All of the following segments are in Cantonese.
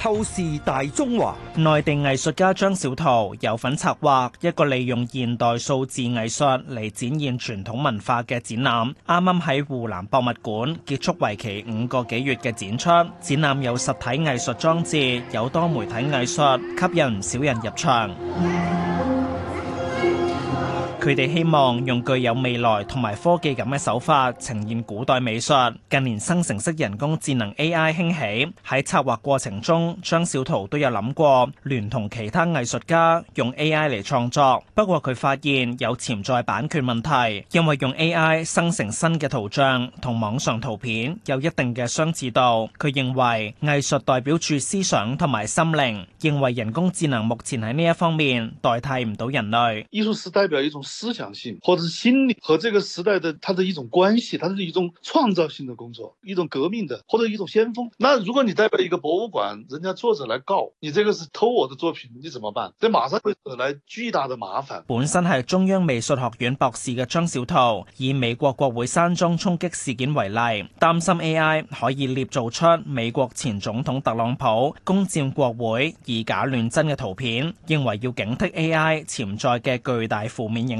透視大中華，內地藝術家張小桃有份策劃一個利用現代數字藝術嚟展現傳統文化嘅展覽，啱啱喺湖南博物館結束為期五個幾月嘅展出。展覽有實體藝術裝置，有多媒體藝術，吸引唔少人入場。佢哋希望用具有未來同埋科技感嘅手法呈現古代美術。近年生成式人工智能 AI 興起，喺策劃過程中，張小濤都有諗過聯同其他藝術家用 AI 嚟創作。不過佢發現有潛在版權問題，因為用 AI 生成新嘅圖像同網上圖片有一定嘅相似度。佢認為藝術代表住思想同埋心靈，認為人工智能目前喺呢一方面代替唔到人類。藝術師代表一種。思想性或者是心理和這個時代的它的一種關係，它是一種創造性的工作，一種革命的或者一種先鋒。那如果你代表一個博物館，人家作者來告你這個是偷我的作品，你怎麼辦？這馬上會惹來巨大的麻煩。本身係中央美術學院博士嘅張小濤以美國國會山莊衝擊事件為例，擔心 AI 可以捏造出美國前總統特朗普攻佔國會以假亂真嘅圖片，認為要警惕 AI 潛在嘅巨大負面影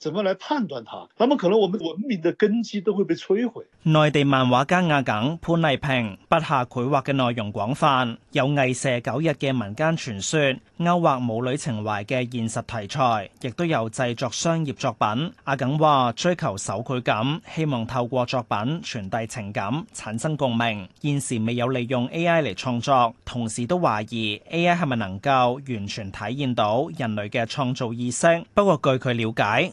怎麼來判斷它？那麼可能我們文明的根基都會被摧毀。內地漫畫家阿耿潘麗萍筆下繪畫嘅內容廣泛，有羿射九日嘅民間傳說，勾畫母女情懷嘅現實題材，亦都有製作商業作品。阿耿話追求手繪感，希望透過作品傳遞情感，產生共鳴。現時未有利用 A.I. 嚟創作，同時都懷疑 A.I. 係咪能夠完全體現到人類嘅創造意識？不過據佢了解，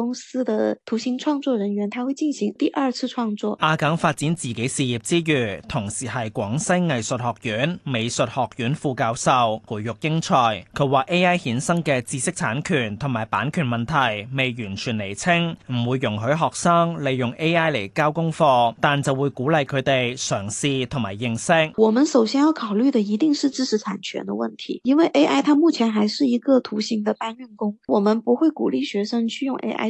公司的圖形創作人員，他會進行第二次創作。阿梗發展自己事業之餘，同時係廣西藝術學院美術學院副教授，培育英才。佢話 AI 衍生嘅知識產權同埋版權問題未完全釐清，唔會容許學生利用 AI 嚟交功課，但就會鼓勵佢哋嘗試同埋認識。我們首先要考慮的一定是知識產權的問題，因為 AI 它目前還是一個圖形的搬運工，我們不會鼓勵學生去用 AI。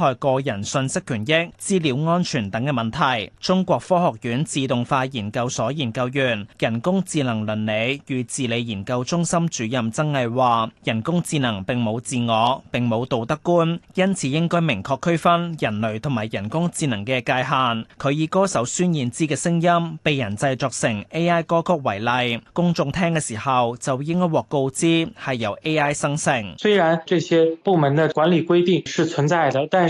害個人信息權益、資料安全等嘅問題。中國科學院自動化研究所研究員、人工智能倫理與治理研究中心主任曾毅話，人工智能並冇自我，並冇道德觀，因此應該明確區分人類同埋人工智能嘅界限。佢以歌手孫燕姿嘅聲音被人製作成 AI 歌曲為例，公眾聽嘅時候就應該獲告知係由 AI 生成。雖然這些部門的管理規定是存在的，但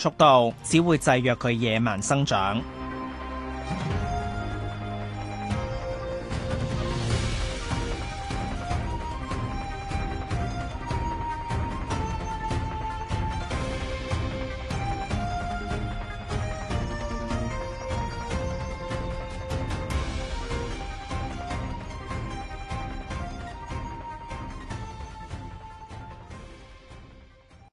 速度，只會制約佢野蠻生長。